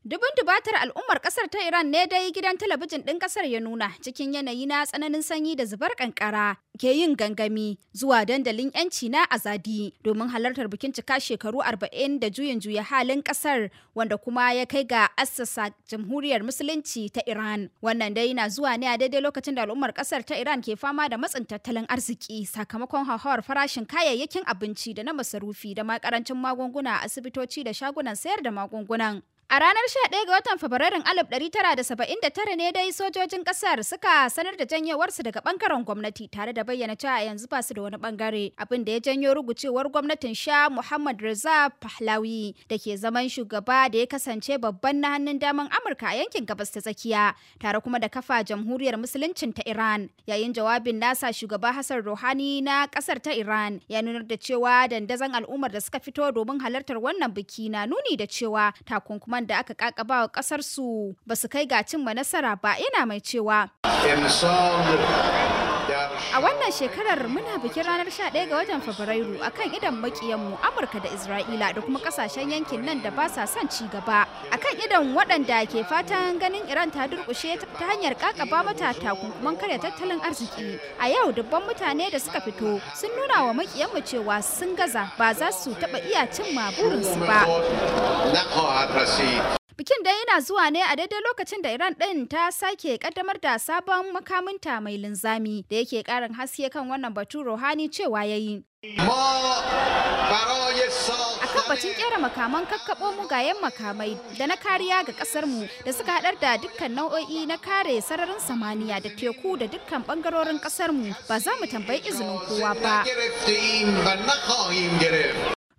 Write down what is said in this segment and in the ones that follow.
Dubin dubatar al'ummar kasar ta Iran ne dai gidan talabijin ɗin kasar ya nuna cikin yanayi na tsananin sanyi da zubar kankara ke yin gangami zuwa dandalin yanci na azadi domin halartar bikin cika shekaru 40 da juyin juya halin ƙasar wanda kuma ya kai ga assasa jamhuriyar musulunci ta Iran. Wannan dai na zuwa ne a daidai lokacin da al'ummar kasar ta Iran ke fama da matsin tattalin arziki sakamakon hauhawar farashin kayayyakin abinci da na masarufi da ma karancin magunguna a asibitoci da shagunan sayar da magungunan. A ranar 11 ga watan Fabrairun 1979 ne dai sojojin kasar suka sanar da janyewarsu daga bangaren gwamnati tare da bayyana cewa yanzu basu su da wani bangare abin da ya janyo rugucewar gwamnatin sha Muhammad Reza Pahlawi da ke zaman shugaba da ya kasance babban na hannun daman Amurka a yankin gabas ta tsakiya tare kuma da kafa jamhuriyar musuluncin ta Iran. Yayin jawabin nasa shugaba Hassan Rouhani na kasar ta Iran ya nuna da cewa dandazon al'ummar da suka fito domin halartar wannan biki na nuni da cewa takunkuma takunkuman da aka kakaba wa kasar su basu kai ga ma nasara ba yana mai cewa A wannan shekarar muna bikin ranar 11 ga watan Fabrairu akan idan makiyanmu Amurka da Isra'ila da kuma kasashen yankin nan da ba sa son ci gaba. Akan idan waɗanda ke fatan ganin Iran ta durƙushe ta hanyar kakaba mata takunkuman karya tattalin arziki. A yau dubban mutane da suka fito sun nuna wa makiyanmu cewa sun gaza ba za su taɓa iya cimma burinsu ba. Bikin dai yana zuwa ne a daidai lokacin da Iran ɗin ta sake ƙaddamar da sabon makaminta mai linzami da yake ƙarin haske kan wannan batu Rohani cewa yayi. kan batun ƙera makaman kakkaɓo mugayen makamai da na kariya ga ƙasarmu da suka haɗar da dukkan nau'o'i na kare sararin samaniya da teku da dukkan ɓangarorin ƙasarmu ba za mu tambayi izinin kowa ba.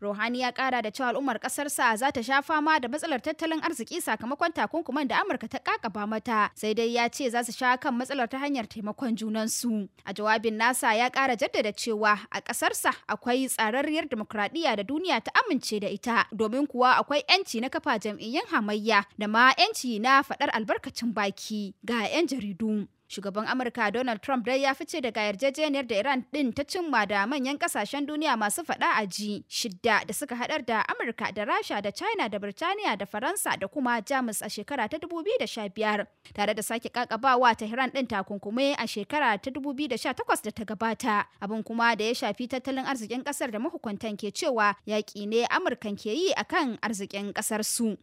Rouhani ya kara da cewa al'ummar kasarsa za ta sha fama da matsalar tattalin arziki sakamakon takunkuman da Amurka ta kakaba mata, sai dai ya ce za su sha kan matsalar ta hanyar taimakon junan su A jawabin nasa ya kara jaddada cewa a kasarsa akwai tsararriyar demokradiyya da duniya ta amince da ita, domin kuwa akwai 'yanci na kafa jam'iyyun hamayya da ma 'yanci na faɗar albarkacin baki ga 'yan jaridu. Shugaban Amurka Donald Trump dai ya fice daga yarjejeniyar da Iran din ta cimma da manyan kasashen duniya masu fada a ji shidda da suka haɗar da Amurka da Rasha da China da Birtaniya da Faransa da kuma Jamus a shekara ta 2015 tare da sake kakabawa iran din takunkumi a shekara ta 2018 da ta gabata. Abin kuma da ya shafi tattalin arzikin kasar da mahukuntan ke cewa yaƙi ne Amurkan ke yi akan arzikin kasar su.